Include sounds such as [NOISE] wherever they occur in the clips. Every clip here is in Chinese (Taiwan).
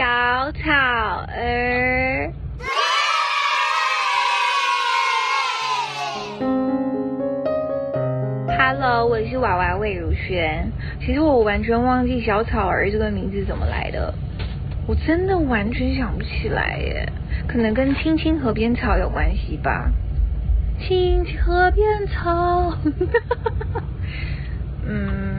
小草兒。Hello，我是娃娃魏如萱。其實我完全忘記小草兒這個名字怎麼來的，我真的完全想不起來耶。可能跟青青河邊草有關係吧《青青河邊草》有關係吧，《青青河邊草》。嗯。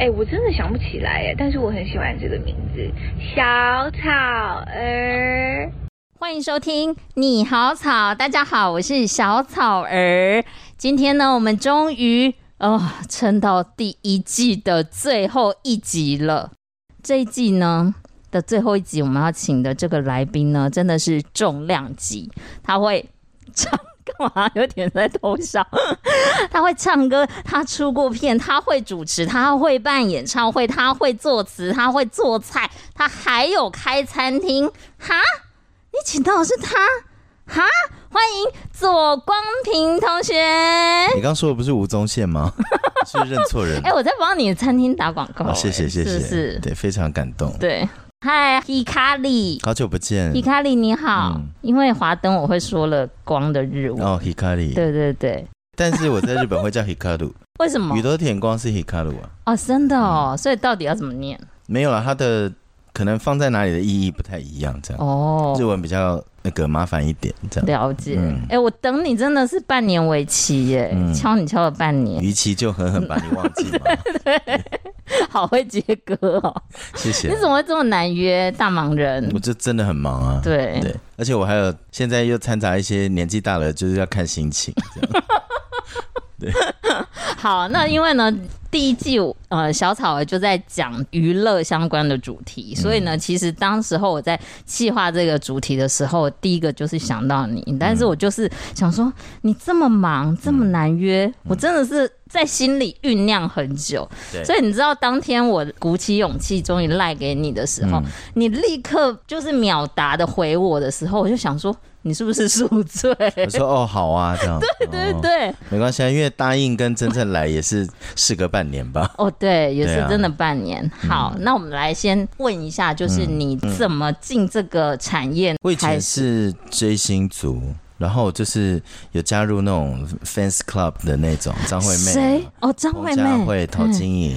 哎、欸，我真的想不起來耶，但是我很喜歡這個名字，小草兒。歡迎收聽《你好草》，大家好，我是小草兒。今天呢，我們終於哦，撐到第一季的最後一集了。這一季呢的最後一集，我們要請的這個來賓呢，真的是重量級，他會唱。幹嘛？有點在偷笑。 [LAUGHS] 他會唱歌，他出過片，他會主持，他會辦演唱會，他會作詞，他會做菜，他還有開餐廳。哈？你請到的是他？哈？歡迎左光平同學。你剛說的不是吳宗憲嗎？ [LAUGHS] 是不是認錯人？哎、 [LAUGHS] 欸，我在幫你的餐廳打廣告，欸哦。謝謝謝謝，是是對，非常感動，對。嗨，Hikari，好久不見，Hikari，你好。因為華燈，我會說了光的日文哦，Hikari，對對對。但是我在日本會叫 Hikaru，為什麼？宇多田光是 Hikaru 啊？哦，真的哦，所以到底要怎麼念？沒有啊，它的可能放在哪裡的意義不太一樣，這樣哦。日文比較那個麻煩一點，這樣了解。哎，我等你真的是半年為期耶，敲你敲了半年，逾期就狠狠把你忘記了。好會接歌哦，謝謝，啊！你怎麼會這麼難約？大忙人，我就真的很忙啊。對對，而且我還有現在又摻雜一些年紀大了，就是要看心情這樣。 [LAUGHS] 對，好，那因為呢？ [LAUGHS] 第一季，呃，小草兒就在講娛樂相關的主題，嗯、所以呢，其實當時候我在企劃這個主題的時候，第一個就是想到你，嗯、但是我就是想說，你這麼忙，嗯、這麼難約，嗯、我真的是在心裡醞釀很久，對所以你知道，當天我鼓起勇氣終於賴給你的時候，嗯、你立刻就是秒答的回我的時候，我就想說。你是不是宿醉？我說哦，好啊，這樣。 [LAUGHS] 對對對、哦，沒關係啊，因為答應跟真正來也是事隔半年吧。哦，對，也、啊、是真的半年。好，嗯、那我們來先問一下，就是你怎麼進這個產業？我以前、嗯嗯、是追星族，然後就是有加入那種 fans club 的那種。張惠妹誰哦，張惠妹會陶晶瑩。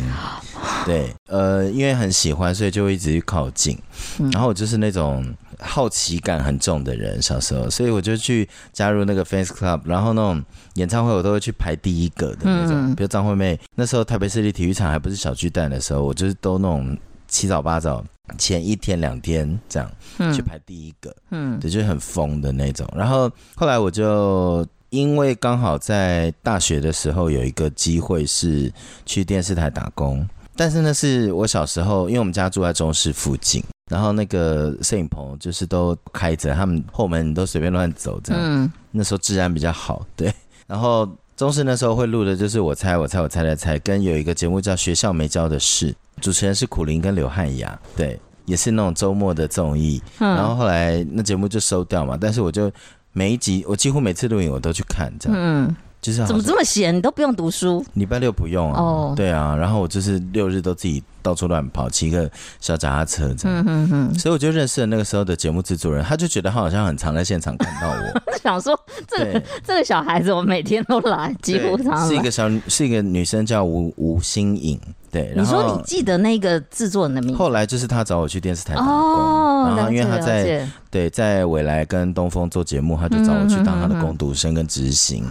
對，對，呃，因為很喜歡，所以就一直靠近，嗯、然後就是那種。好奇感很重的人，小時候，所以我就去加入那個 fans club，然後那種演唱會我都會去排第一個的那種，嗯、比如張惠妹那時候台北市立體育場還不是小巨蛋的時候，我就是都那種七早八早，前一天兩天這樣去排第一個，嗯，對就是很瘋的那種。然後後來我就因為剛好在大學的時候有一個機會是去電視台打工，但是那是我小時候，因為我們家住在中視附近。然後那個攝影棚就是都開着，他們後門都隨便亂走這樣。嗯、那時候治安比較好，對。然後中視那時候會錄的就是我猜我猜我猜猜猜，跟有一個節目叫《學校沒教的事》，主持人是苦苓跟劉漢雅，對，也是那種周末的綜藝。嗯、然後後來那節目就收掉嘛，但是我就每一集我幾乎每次錄影我都去看這樣。嗯怎麼這麼閒？你都不用讀書？禮拜六不用啊？哦，oh. 對啊，然後我就是六日都自己到處亂跑，騎個小腳踏車這樣。嗯嗯嗯。所以我就認識了那個時候的節目製作人，他就覺得他好像很常在現場看到我。 [LAUGHS] 想說這個對這個小孩子，我每天都來，幾乎常是一個小是一個女生叫，叫吳吳心穎。對，你說你記得那個製作人的名字。後來就是他找我去電視台打工，然後因為他在對在未來跟東風做節目，他就找我去當他的工讀生跟執行，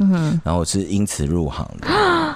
然後我是因此入行的。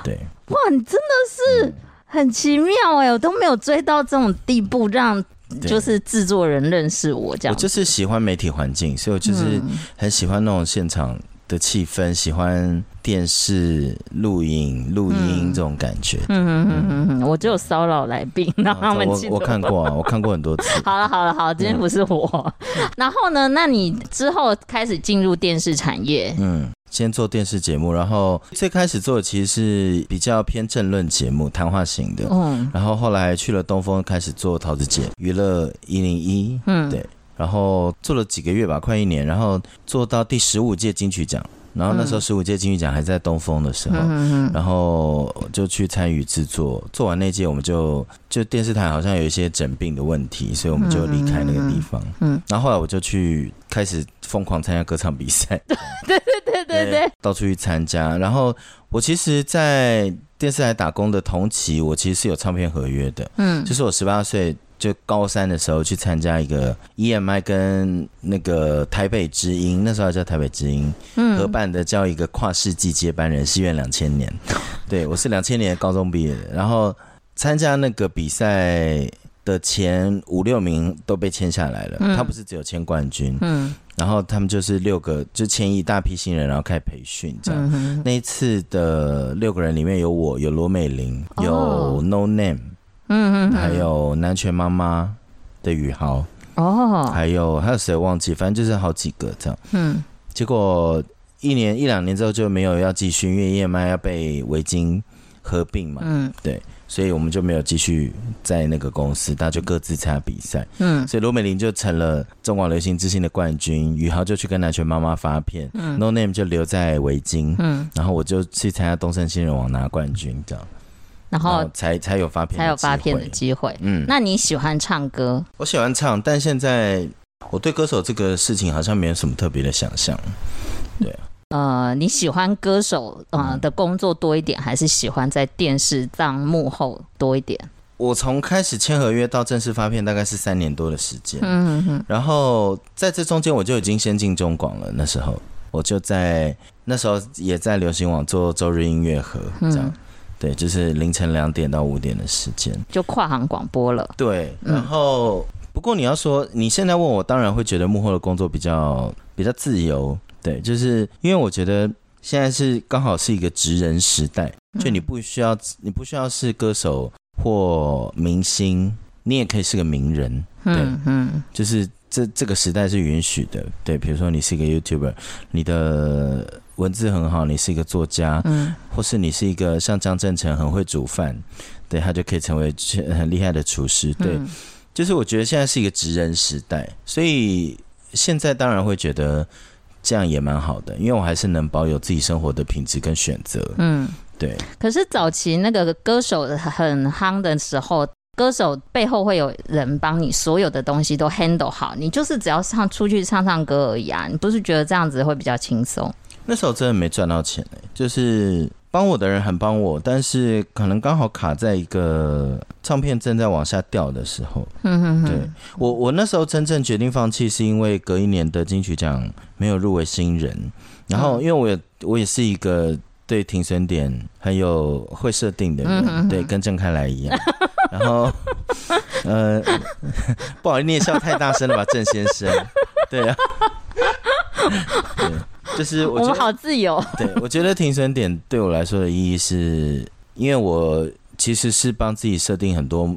對，哇，你真的是很奇妙哎，我都沒有追到這種地步，讓就是製作人認識我這樣。我就是喜歡媒體環境，所以我就是很喜歡那種現場的氣氛，喜歡。電視錄影、錄音、錄音這種感覺，嗯嗯嗯嗯，我就有騷擾來賓，讓、嗯、他們進。我我看過啊，我看過很多次。 [LAUGHS] 好了好了好了，今天不是我。嗯、然後呢？那你之後開始進入電視產業，嗯，先做電視節目，然後最開始做的其實是比較偏政論節目、談話型的，嗯，然後後來去了東風，開始做節《陶子姐娛樂一零一》，嗯，對。然後做了幾個月吧，快一年，然後做到第十五屆金曲獎，然後那時候十五屆金曲獎還在東風的時候，嗯嗯嗯、然後就去參與製作，做完那屆我們就就電視台好像有一些整併的問題，所以我們就離開那個地方。嗯，嗯嗯然後後來我就去開始瘋狂參加歌唱比賽，對對對對對，對，到處去參加。然後我其實，在電視台打工的同期，我其實是有唱片合約的，嗯，就是我十八歲。就高三的時候去參加一個 EMI 跟那個台北之音，那時候叫台北之音嗯，合辦的，叫一個跨世紀接班人西元兩千年。 [LAUGHS] 對，我是兩千年的高中畢業的，然後參加那個比賽的前五六名都被簽下來了。嗯、他不是只有簽冠軍，嗯，然後他們就是六個，就簽一大批新人，然後開始培訓這樣。嗯、哼那一次的六個人裡面有我，有羅美玲，有 No Name。Oh. 嗯嗯還有南拳媽媽的宇豪哦，還有還有誰忘記？反正就是好幾個這樣。嗯，結果一年一兩年之後就沒有要繼續，因為燕麥要被維京合併嘛。嗯，對，所以我們就沒有繼續在那個公司，大家就各自參加比賽。嗯，所以羅美玲就成了中廣流行之星的冠軍，宇豪就去跟南拳媽媽發片，嗯，no name 就留在維京，嗯，然後我就去參加東森新人王拿冠軍這樣。然後才才有發片，才有發片的機會。機會嗯，那你喜歡唱歌？我喜歡唱，但現在我對歌手這個事情好像沒有什麼特別的想象對、啊。呃，你喜歡歌手的工作多一點，嗯、還是喜歡在電視當幕後多一點？我從開始簽合約到正式發片，大概是三年多的時間。嗯哼哼，然後在這中間，我就已經先進中廣了。那時候，我就在那時候也在流行網做周日音樂盒，嗯、這樣。對，就是凌晨兩點到五點的時間，就跨行廣播了。對，嗯、然後不過你要說，你現在問我，當然會覺得幕後的工作比較比較自由。對，就是因為我覺得現在是剛好是一個職人時代，嗯、就你不需要你不需要是歌手或明星，你也可以是個名人。對嗯，對嗯就是這這個時代是允許的。對，比如說你是一個 YouTuber，你的。文字很好，你是一個作家，嗯，或是你是一個像張正成很會煮飯，對，他就可以成為很厲害的廚師，對，嗯，就是我覺得現在是一個職人時代，所以現在當然會覺得這樣也蠻好的，因為我還是能保有自己生活的品質跟選擇，嗯，對。可是早期那個歌手很夯的時候，歌手背後會有人幫你所有的東西都 handle 好，你就是只要唱出去唱唱歌而已啊，你不是覺得這樣子會比較輕鬆？那時候真的沒賺到錢、欸、就是幫我的人很幫我，但是可能剛好卡在一個唱片正在往下掉的時候。嗯嗯對我，我那時候真正決定放棄，是因為隔一年的金曲獎沒有入圍新人，然後因為我我也是一個對停損點很有會設定的人，對，跟鄭開來一樣。然後呃，不好意思，你也笑太大聲了吧，鄭先生？對啊。對。就是我們好自由。對，我覺得停損點對我來說的意義是，因為我其實是幫自己設定很多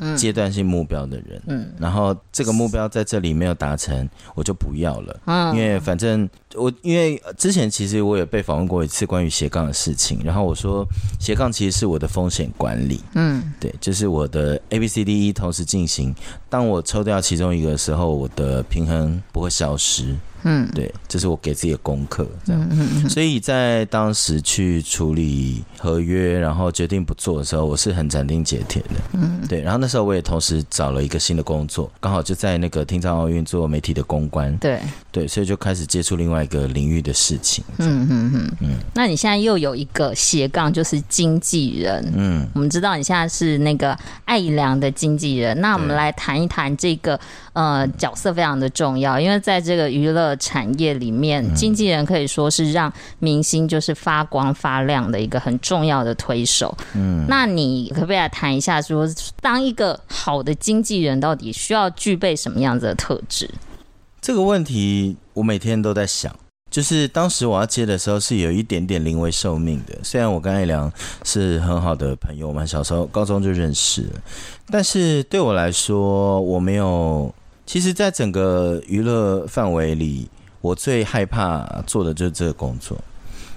階段性目標的人。嗯，然後這個目標在這裡沒有達成，我就不要了。嗯，因為反正我因為之前其實我也被訪問過一次關於斜槓的事情，然後我說斜槓其實是我的風險管理。嗯，對，就是我的 A B C D E 同時進行，當我抽掉其中一個的時候，我的平衡不會消失。嗯，對，這、就是我給自己的功課，這樣，嗯嗯嗯。嗯嗯，所以在當時去處理合約，然後決定不做的時候，我是很斬釘截鐵的，嗯，對。然後那時候我也同時找了一個新的工作，剛好就在那個聽障奧運做媒體的公關，對，對，所以就開始接觸另外一個領域的事情，嗯嗯嗯。嗯，嗯，那你現在又有一個斜槓，就是經紀人，嗯，我們知道你現在是那個艾怡良的經紀人，那我們來談一談這個對呃，角色非常的重要，因為在這個娛樂產業裡面，經紀人可以說是讓明星就是發光發亮的一個很重要的推手。嗯，那你可不可以來談一下說，說當一個好的經紀人到底需要具備什麼樣子的特質？這個問題我每天都在想。就是當時我要接的時候，是有一點點臨危受命的。雖然我跟艾良是很好的朋友，我們小時候高中就認識了，但是對我來說，我沒有。其實，在整個娛樂範圍裡，我最害怕做的就是這個工作，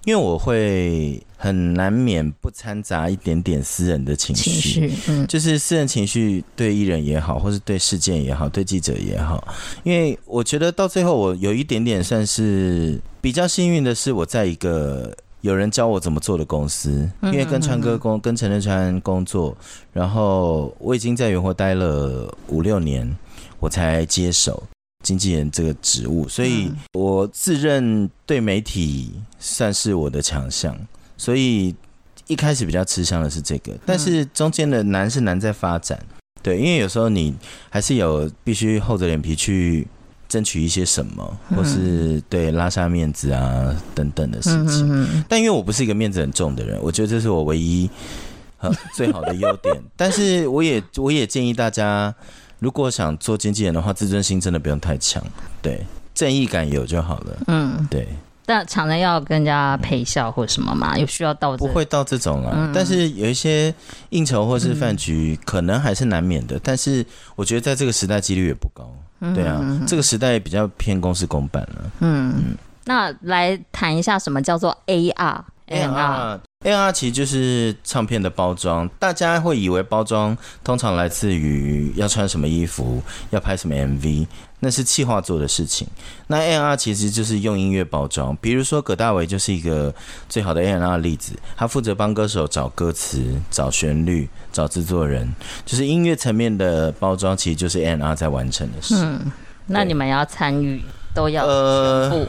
因為我會很難免不摻雜一點點私人的情緒，情緒嗯、就是私人情緒對藝人也好，或是對事件也好，對記者也好。因為我覺得到最後，我有一點點算是比較幸運的是，我在一個有人教我怎麼做的公司，嗯嗯嗯，因為跟川哥工、跟陳德川工作，然後我已經在元活待了五六年。我才接手經紀人這個職務，所以我自認對媒體算是我的強項，所以一開始比較吃香的是這個。但是中間的難是難在發展，對，因為有時候你還是有必須厚着臉皮去爭取一些什麼，或是對拉下面子啊等等的事情。但因為我不是一個面子很重的人，我覺得這是我唯一和最好的優點。 [LAUGHS] 但是我也我也建議大家。如果想做經紀人的話，自尊心真的不用太強，對，正義感有就好了。嗯，對。但常常要跟人家陪笑或什麼嘛，嗯、有需要到這不會到這種啊。嗯、但是有一些應酬或是飯局，可能還是難免的。嗯、但是我覺得在這個時代，幾率也不高。嗯、對啊，嗯嗯、這個時代比較偏公事公辦了、啊。嗯，嗯那來談一下什麼叫做 AR。A AM R AM R? R 其實就是唱片的包裝，大家會以為包裝通常來自於要穿什麼衣服，要拍什麼 M V，那是企劃做的事情。那 A R 其實就是用音樂包裝，比如說葛大為就是一個最好的 A R 例子，他負責幫歌手找歌詞、找旋律、找製作人，就是音樂層面的包裝，其實就是 A R 在完成的事。嗯，那你們要參與對、呃、都要？呃，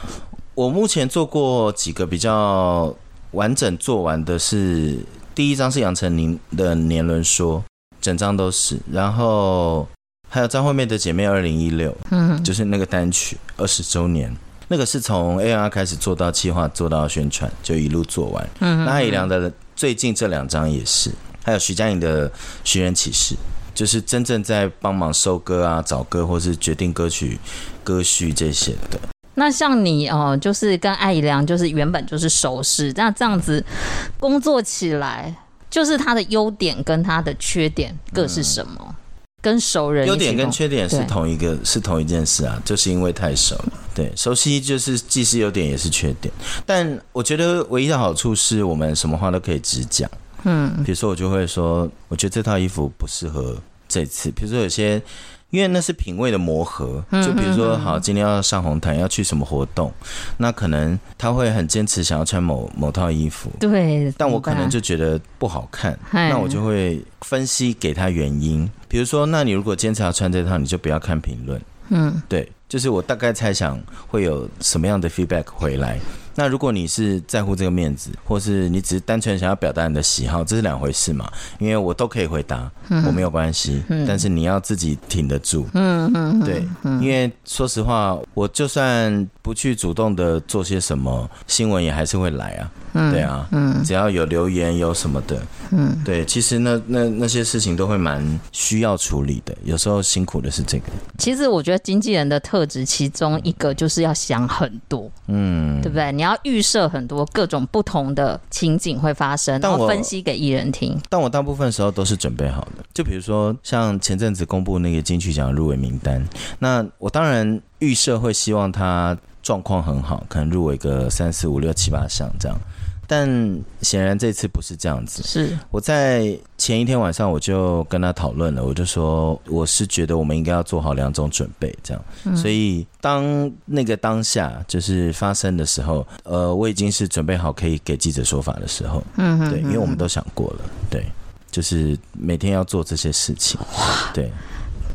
我目前做過幾個比較。完整做完的是第一張是楊丞琳的《年輪說》，整張都是。然後還有張惠妹的《姐妹2016》，呵呵，二零一六，嗯，就是那個單曲二十週年，那個是從 AR 開始做到企劃，做到宣傳，就一路做完。嗯，那艾怡良的最近這兩張也是，還有徐佳瑩的《尋人啟事》，就是真正在幫忙收歌啊、找歌，或是決定歌曲、歌序這些的。那像你哦、呃，就是跟艾怡良，就是原本就是熟識，那這樣子工作起來，就是他的優點跟他的缺點各是什麼？嗯、跟熟人優點跟缺點是同一個，對是同一件事啊，就是因為太熟，了，對，熟悉就是既是優點也是缺點。但我覺得唯一的好處是我們什麼話都可以直講，嗯，比如說我就會說，我覺得這套衣服不適合這次，比如說有些。因為那是品味的磨合，就比如說，好，今天要上紅毯，要去什麼活動，那可能他會很堅持想要穿某某套衣服，對，對，但我可能就覺得不好看，那我就會分析給他原因，比如說，那你如果堅持要穿這套，你就不要看評論，嗯，對，就是我大概猜想會有什麼樣的 feedback 回來。那如果你是在乎這個面子，或是你只是單純想要表達你的喜好，這是兩回事嘛。因為我都可以回答，我沒有關係，嗯嗯、但是你要自己挺得住。嗯嗯，嗯對，嗯、因為說實話，我就算不去主動的做些什麼，新聞也還是會來啊。嗯、對啊，嗯，只要有留言，有什麼的，嗯，對，其實那那那些事情都會蠻需要處理的，有時候辛苦的是這個。其實我覺得經紀人的特質其中一個就是要想很多，嗯，對不對？你。你要預設很多各種不同的情景會發生，然後分析給藝人聽，但，但我大部分時候都是準備好的，就比如說像前陣子公布那個金曲獎入圍名單，那我當然預設會希望他狀況很好，可能入圍個三四五六七八項這樣。但顯然這次不是這樣子。是我在前一天晚上我就跟他討論了，我就說我是覺得我們應該要做好兩種準備，這樣。所以當那個當下就是發生的時候，呃，我已經是準備好可以給記者說法的時候。嗯，對，因為我們都想過了，對，就是每天要做這些事情。對，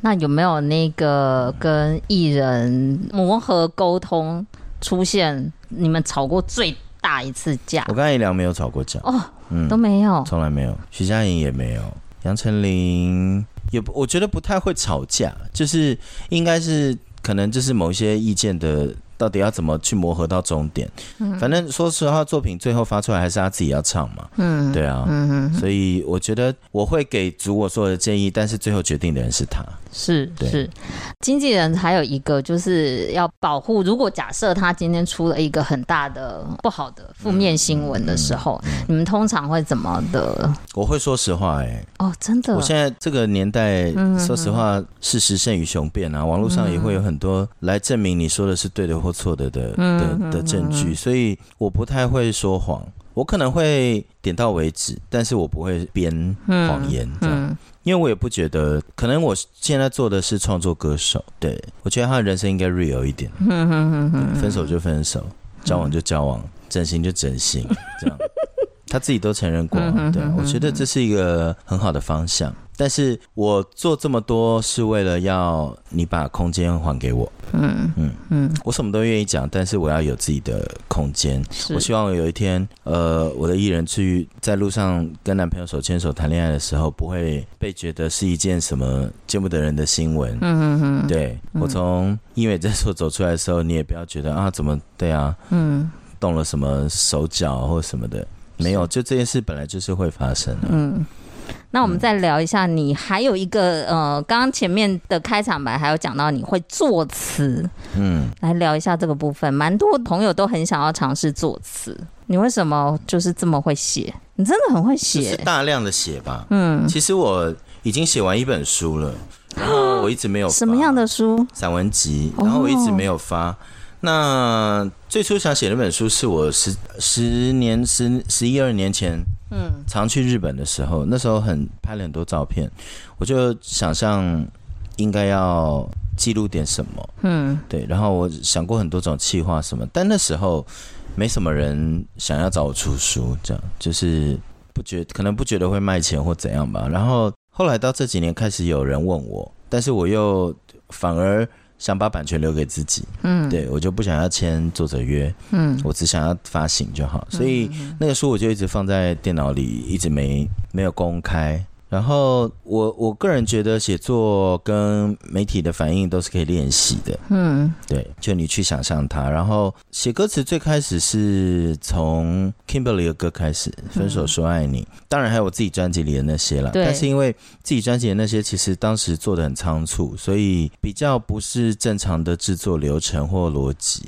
那有沒有那個跟藝人磨合、溝通出現你們吵過最？打一次架，我跟艾怡良沒有吵過架哦，oh，嗯，都沒有，從來沒有。徐佳瑩也沒有，楊丞琳也不，我覺得不太會吵架，就是應該是可能就是某一些意見的。到底要怎麼去磨合到終點？反正說實話，作品最後發出來還是他自己要唱嘛。嗯，對啊。嗯哼哼。所以我覺得我會給足我所有的建議，但是最後決定的人是他。是對是，經紀人還有一個就是要保護。如果假設他今天出了一個很大的不好的負面新聞的時候，嗯嗯嗯、你們通常會怎麼的？我會說實話哎、欸。哦，真的。我現在這個年代，嗯、哼哼，說實話，事實勝於雄辯啊。網絡上也會有很多來證明你說的是對的。不錯、嗯嗯嗯、的的的的證據，所以我不太會說謊，我可能會點到為止，但是我不會編謊言，嗯嗯、這樣因為我也不覺得，可能我現在做的是創作歌手，對，我覺得他的人生應該 real 一點，嗯，嗯，嗯分手就分手，交往就交往，整形就整形，這樣。 [LAUGHS] 他自己都承認過、嗯嗯嗯、對，我覺得這是一個很好的方向。嗯嗯、但是我做這麼多是為了要你把空間還給我。嗯嗯嗯，嗯我什麼都願意講，但是我要有自己的空間。是我希望有一天，呃，我的藝人去在路上跟男朋友手牽手談戀愛的時候，不會被覺得是一件什麼見不得人的新聞、嗯。嗯嗯，對我從音樂界所走出來的時候，你也不要覺得啊，怎麼對啊，嗯，動了什麼手腳或什麼的。沒有，就這件事本來就是會發生的。嗯，那我們再聊一下，你還有一個、嗯、呃，剛剛前面的開場白還有講到你會作詞，嗯，來聊一下這個部分。蠻多朋友都很想要嘗試作詞，你為什麼就是這麼會寫？你真的很會寫，是大量的寫吧？嗯，其實我已經寫完一本書了，然後我一直沒有發什麼樣的書，散文集，然後我一直沒有發。那最初想寫那本書，是我十十年十十一二年前，嗯，常去日本的時候，嗯、那時候很拍了很多照片，我就想象，應該要記錄點什麼，嗯，對，然後我想過很多種企劃，什麼，但那時候沒什麼人想要找我出書，這樣就是不覺可能不覺得會賣錢或怎樣吧。然後後來到這幾年開始有人問我，但是我又反而。想把版權留給自己，嗯，對，我就不想要簽作者約，嗯，我只想要發行就好，所以那個書我就一直放在電腦裡，一直沒沒有公開。然後我我個人覺得寫作跟媒體的反應都是可以練習的。嗯，對，就你去想象它。然後寫歌詞最開始是從 Kimberly 的歌開始，《分手說愛你》嗯，當然還有我自己專輯裡的那些啦。對但是因為自己專輯的那些其實當時做得很倉促，所以比較不是正常的製作流程或邏輯。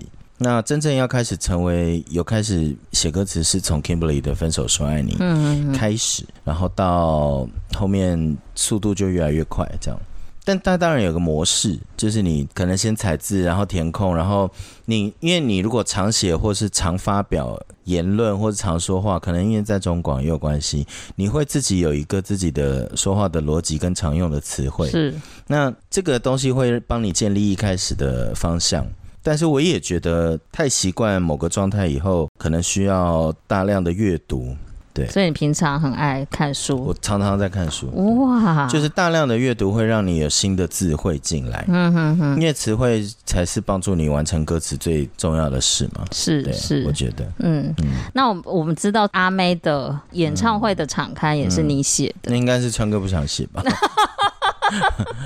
那真正要開始成為有開始寫歌詞，是從 Kimberly 的《分手說愛你》嗯，開始，然後到後面速度就越來越快，這樣。但大家當然有個模式，就是你可能先踩字，然後填空，然後你因為你如果常寫或是常發表言論，或者常說話，可能因為在中廣也有關係，你會自己有一個自己的說話的邏輯跟常用的詞彙。是，那這個東西會幫你建立一開始的方向。但是我也覺得太習慣某個狀態以後，可能需要大量的閱讀，對。所以你平常很愛看書，我常常在看書。哇、嗯，就是大量的閱讀會讓你有新的智慧進來。嗯哼哼，因為詞彙才是幫助你完成歌詞最重要的事嘛。是是，對是我覺得，嗯，嗯，那我我們知道阿妹的演唱會的場刊也是你寫的，嗯嗯、那應該是川哥不想寫吧。 [LAUGHS]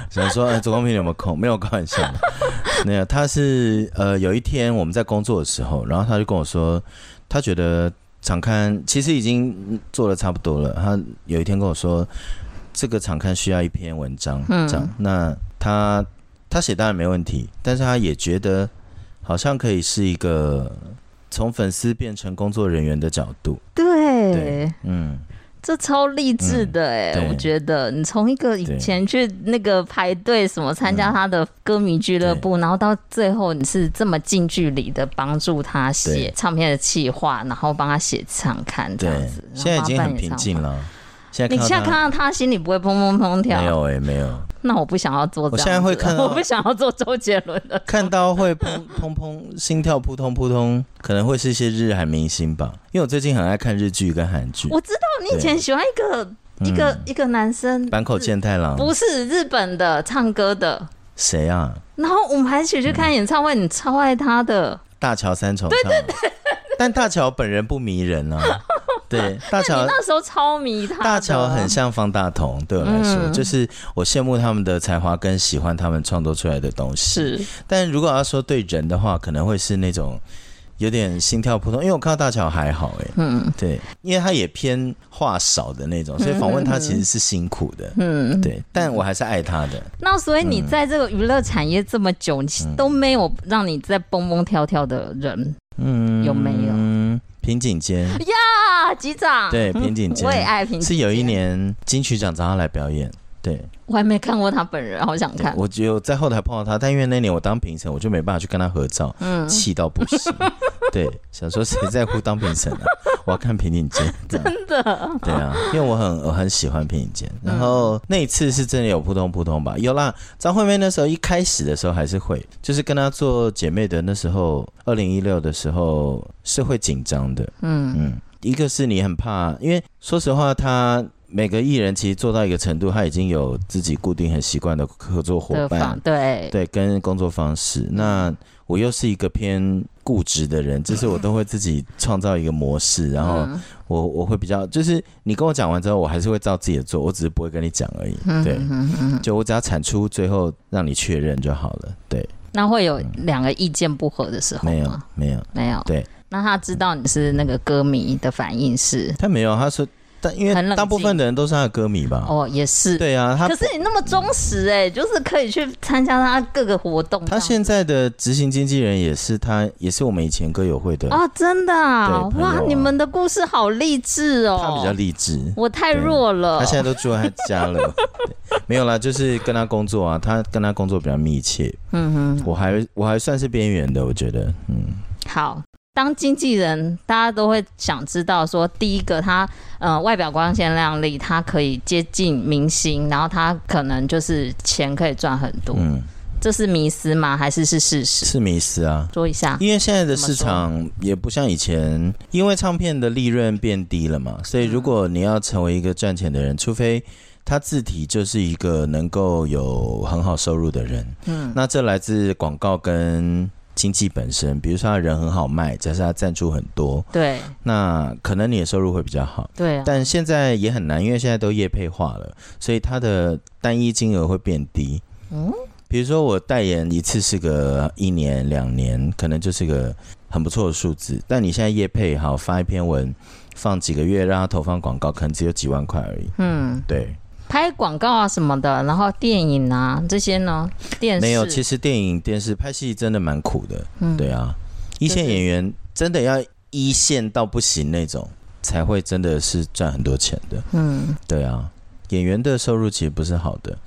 只能 [LAUGHS] 說，左、欸、光平你有沒有空？沒有關係，沒有、 [LAUGHS] [LAUGHS] 啊。他是呃，有一天我們在工作的時候，然後他就跟我說，他覺得場刊其實已經做的差不多了。他有一天跟我說，這個場刊需要一篇文章，嗯、這樣。那他他寫當然沒問題，但是他也覺得好像可以是一個從粉絲變成工作人員的角度，對，對，嗯。這超勵志的誒、欸，嗯、我覺得你從一個以前去那個排隊什麼參加他的歌迷俱樂部，嗯、然後到最後你是這麼近距離的幫助他寫唱片的企劃，對然後幫他寫唱刊這樣子，然後幫他辦演唱會，現在已經很平靜了。你現在看到他，心裡不會砰砰砰跳？沒有哎，沒有。那我不想要做這樣子，我現在會看到。我不想要做周杰倫的。看到會砰砰砰心跳撲通撲通，可能會是一些日韓明星吧？因為我最近很愛看日劇跟韓劇。我知道你以前喜歡一個一個一個男生，坂口健太郎，不是日本的唱歌的誰啊？然後我們還一起去看演唱會，你超愛他的大橋三重唱。對對對。但大喬本人不迷人啊， [LAUGHS] 對，大喬那時候超迷他。啊，大喬很像方大同，對我來說、嗯、就是我羨慕他們的才華跟喜歡他們創作出來的東西。是，但如果要說對人的話，可能會是那種有點心跳撲通，因為我看到大喬還好哎、欸，嗯，對，因為他也偏話少的那種，所以訪問他其實是辛苦的，嗯、嗯，對，但我還是愛他的。嗯、那所以你在這個娛樂產業這麼久，嗯、你都沒有讓你在蹦蹦跳跳的人？嗯，有沒有嗯、yeah，平井堅。呀？局長對平井堅。我也愛平井。是有一年金曲獎找他來表演。對，我還沒看過他本人，好想看。我就在後台碰到他，但因為那年我當評審，我就沒辦法去跟他合照，嗯，氣到不行。對， [LAUGHS] 想說誰在乎當評審啊？我要看平頂尖。真的？對啊，好因為我很我很喜歡平頂尖。然後、嗯、那一次是真的有撲通撲通吧。有啦，張惠妹那時候一開始的時候還是會，就是跟她做姐妹的那時候，二零一六的時候是會緊張的。嗯嗯，一個是你很怕，因為說實話她。每個藝人其實做到一個程度，他已經有自己固定很習慣的合作夥伴，對對，跟工作方式。那我又是一個偏固執的人，嗯、就是我都會自己創造一個模式，嗯、然後我我會比較，就是你跟我講完之後，我還是會照自己的做，我只是不會跟你講而已。對，嗯哼嗯哼，就我只要產出，最後讓你確認就好了。對。那會有兩個意見不合的時候、嗯？沒有，沒有，沒有。對。那他知道你是那個歌迷的反應是？他沒有，他說。但因為大部分的人都是他的歌迷吧？哦，也是。對啊，他可是你那麼忠實哎、欸，嗯、就是可以去參加他各個活動。他現在的執行經紀人也是他，也是我們以前歌友會的。啊、哦。真的？啊，啊哇，你們的故事好勵志哦。他比較勵志，我太弱了。他現在都住在家了， [LAUGHS] 沒有啦，就是跟他工作啊，他跟他工作比較密切。嗯哼，我還我還算是邊緣的，我覺得，嗯。好。當經紀人，大家都會想知道說，第一個他，呃，外表光鮮亮麗，他可以接近明星，然後他可能就是錢可以賺很多。嗯，這是迷思嗎？還是是事實？是迷思啊。說一下，因為現在的市場也不像以前，因為唱片的利潤變低了嘛，所以如果你要成為一個賺錢的人，嗯、除非他自己就是一個能夠有很好收入的人。嗯，那這來自廣告跟。經濟本身，比如說他人很好賣，加上他贊助很多，對，那可能你的收入會比較好，對啊。但現在也很難，因為現在都業配化了，所以他的單一金額會變低。嗯，比如說我代言一次是個一年兩年，可能就是個很不錯的數字，但你現在業配好，發一篇文，放幾個月讓他投放廣告，可能只有幾萬塊而已。嗯，對。拍廣告啊什麼的，然後電影啊這些呢，電視沒有。其實電影、電視拍戲真的蠻苦的，嗯、對啊。對對，一線演員真的要一線到不行那種，才會真的是賺很多錢的。嗯，對啊，演員的收入其實不是好的。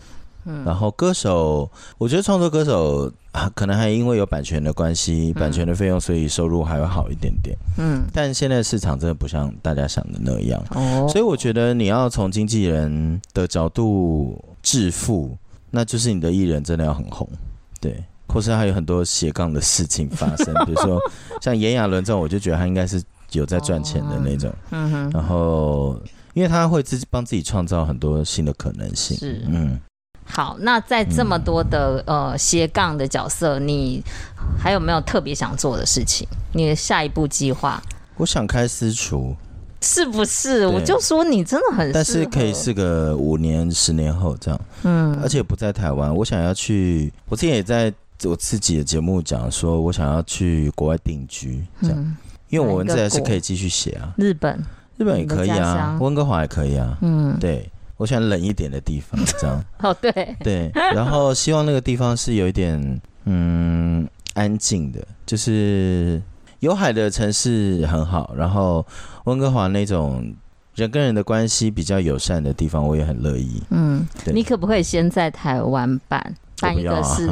然後歌手，我覺得創作歌手、啊、可能還因為有版權的關係，嗯、版權的費用，所以收入還會好一點點。嗯，但現在市場真的不像大家想的那樣。哦，所以我覺得你要從經紀人的角度致富，那就是你的藝人真的要很紅，對，或是還有很多斜槓的事情發生。 [LAUGHS] 比如說像炎亞綸這種，我就覺得他應該是有在賺錢的那種。哦、嗯哼，然後因為他會自己幫自己創造很多新的可能性。是，嗯。好，那在這麼多的、嗯、呃斜槓的角色，你還有沒有特別想做的事情？你的下一步計劃？我想開私廚，是不是？對我就說你真的很適合，但是可以是個五年、十年後這樣，嗯，而且不在台灣，我想要去。我之前也在我自己的節目講，說我想要去國外定居，這樣，嗯、因為我文字還是可以繼續寫啊。日本，日本也可以啊，溫哥華也可以啊，嗯，對。我喜歡冷一點的地方，這樣哦，對對，然後希望那個地方是有一點嗯安靜的，就是有海的城市很好。然後溫哥華那種人跟人的關係比較友善的地方，我也很樂意。嗯，對你可不可以先在台灣辦辦一個事？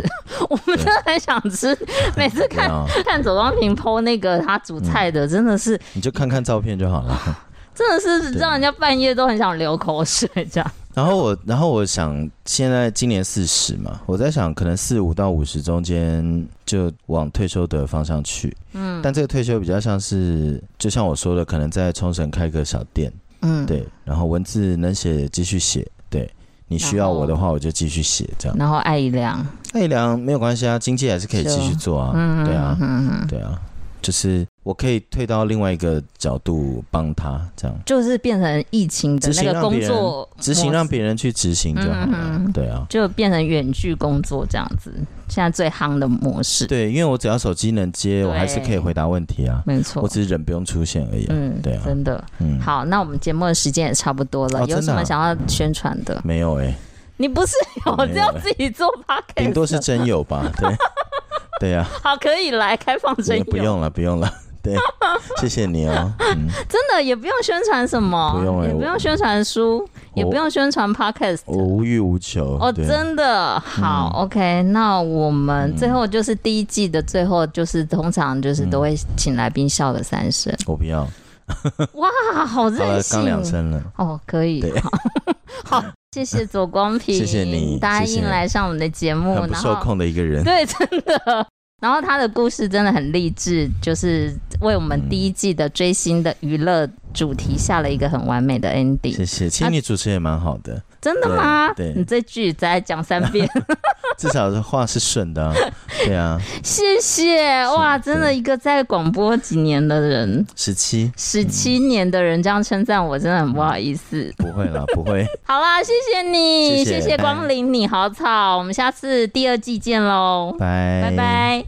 我,啊、 [LAUGHS] 我們都很想吃，對每次看、 [LAUGHS] 啊、看左宗平 PO 那個他煮菜的，嗯、真的是你就看看照片就好了。 [LAUGHS] 真的是讓人家半夜都很想流口水這樣。然後我，然後我想，現在今年四十嘛，我在想，可能四五到五十中間就往退休的方向去。嗯。但這個退休比較像是，就像我說的，可能在沖繩開個小店。嗯。對。然後文字能寫繼續寫，對你需要我的話我就繼續寫這樣然。然後艾怡良，艾怡良沒有關係啊，經紀還是可以繼續做啊。嗯，對啊。嗯哼。對啊，就是。我可以退到另外一個角度幫他，這樣就是變成疫情的那個工作，執行讓別人去執行就好了。對啊，就變成遠距工作這樣子，現在最夯的模式。對，因為我只要手機能接，我還是可以回答問題啊。沒錯，我只是人不用出現而已。嗯，對啊，真的。嗯，好，那我們節目的時間也差不多了，有什麼想要宣傳的？沒有哎，你不是有要自己做吧？頂多是真有吧？對，對呀。好，可以來開放真有。不用了，不用了。對，謝謝你哦，真的也不用宣傳什麼，不用，也不用宣傳書，也不用宣傳 podcast，我無慾無求。哦，真的好，OK，那我們最後就是第一季的最後，就是通常就是都會請來賓笑個三聲。我不要。哇，好任性，剛兩聲了。哦，可以。好，謝謝左光平，謝謝你答應來上我們的節目。很不受控的一個人，對，真的。然後他的故事真的很勵志，就是為我們第一季的追星的娛樂主題下了一個很完美的 ending。謝謝，其實你主持也蠻好的。真的嗎？對，你這句再講三遍。至少這話是順的。對啊。謝謝哇，真的一個在廣播幾年的人，十七十七年的人這樣稱讚我，真的很不好意思。不會啦，不會。好啦，謝謝你，謝謝光臨，你好吵，我們下次第二季見嘍。拜拜。